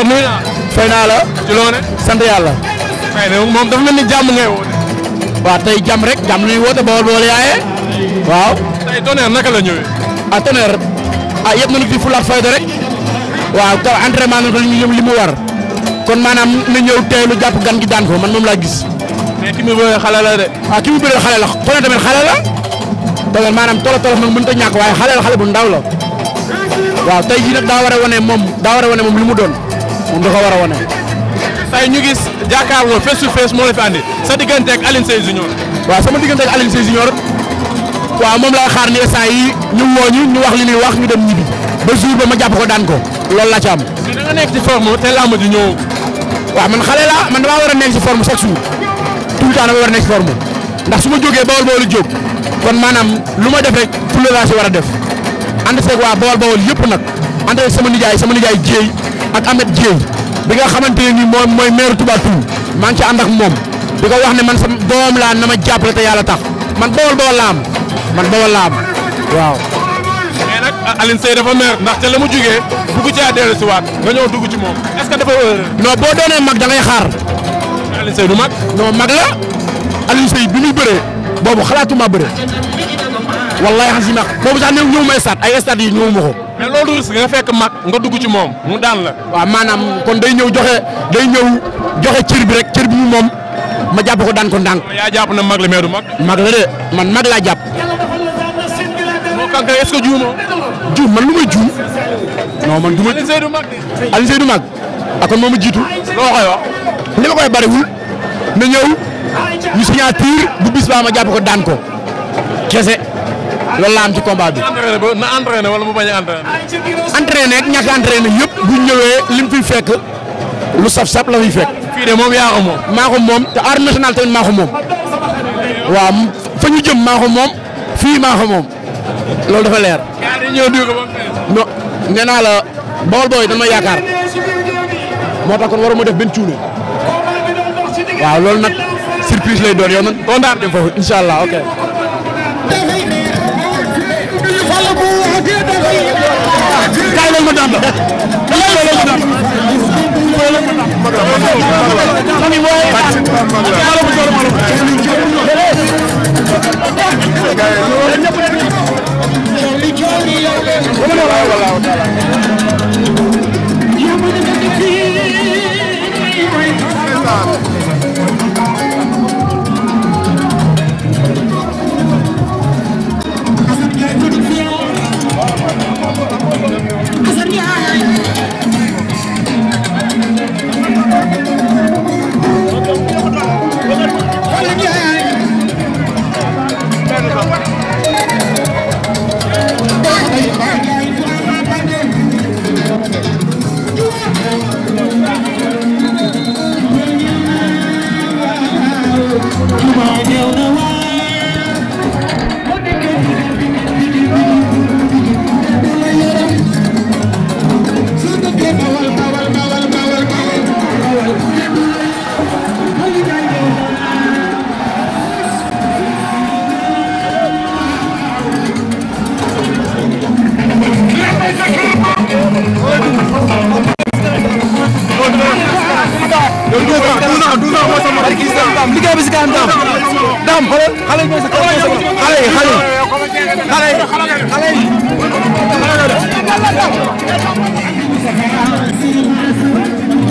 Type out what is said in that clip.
Mor nuyu naa. fay naa la. sant yàlla. waaye nag moom dafa mel ne jàmm ngay woote. waaw jàmm rek jàmm li ñuy woote bool bool yaaye. waaw. tey tonnerre naka la ñëwee. ah tonnerre. ah yëpp ma fi fulaat fayda rek. waaw kaw entraînement nañu ko ñu li mu war. kon maanaam na ñëw teelu jàpp gan gi daan ko man moom laa gis. mais mu bëree xale la de. ah ki mu bëree xale la tonnerre tamit xale la. tonnerre maanaam tolo tolo nag ñàkk waaye xale la xale bu ndaw la. waaw tey jii nag daa war a wane moom daa war a wane moom li mu doon. moom da ko war a wane. tey ñu gis jàkkaarloo face to face moo la sa diggante ak Alioune Sèye Junior. waaw sama diggante ak Alioune Sèye Junior waaw moom laa xaar ni saa yi ñu woo ñu ñu wax li ñuy wax ñu dem ñibbi ba jour ba ma jàpp ko daan ko lool laa ci am. nekk ci forme te làmb ji ñëw. waaw man xale la man damaa war a nekk ci forme chaque jour tout le temps dama war a nekk ci forme ndax su ma jógee bawol bawol jóg kon maanaam lu ma def rek pour le war a def ànd seeg waa bawol bawol yëpp nag ànd sama nijaay sama nijaay jéey ak Ahmed Dieye bi nga xamante ne nii mooy mooy maire Touba Toul maa ngi ci ànd ak moom di ko wax ne man sa doom laa na ma jàppale te yàlla tax man bawal bawal laa am man bawal laa waaw. mais nag ah, Alioune Seye dafa mer ndax te la mu jugee bugg caa dellusiwaat nga ñëw dugg ci moom est que dafa. Euh, non boo doonee mag da ngay xaar. Alioune Seye mag. non mag la Alioune bi muy bëree boobu xalaatuma bëre wallahi xam si nag boobu sax ñëw ñëw ma stade ay stade yi ñëwuma ko. mais loolu risque nga fekk mag nga dugg ci moom mu daan la. waa maanaam kon day ñëw joxe day ñëw joxe cër bi rek cër bi mu moom ma jàpp ko daan ko ndànk. yaa jàpp na mag la mais du mag. mag la de man mag laa jàpp. juum man lu may juum. non man du ma Alioune mag de. Ah, kon moom a jiitu. loo koy wax. li ma koy bariwul. na ñëw ñu signature bu bis ma jàpp ko daan ko. kese. loolu la am ci combat bi. na entraîné wala mu bañ a entraîné. entraîné ak ñàkk entraîné yëpp bu ñëwee lim fiy fekk lu saf-saf la fiy fekk. moom yaa ko moom. maa ko moom te arène nationale tamit maa ko moom waaw fa ñu jëm maa ko moom fii maa ko moom loolu dafa leer. yaa ngi naa la bool booy dañ ma yaakaar moo tax kon waruma def benn cuune waaw loolu nag surprise lay doon yow nag kontaan foofu incha allah kaay loolu ma daan la kaay loolu ma daan la barki Dame liggéey bi si kanam Dame Dame xoolal xale yi ñooy sa kaw xale yi xale yi xale yi xale yi xale yi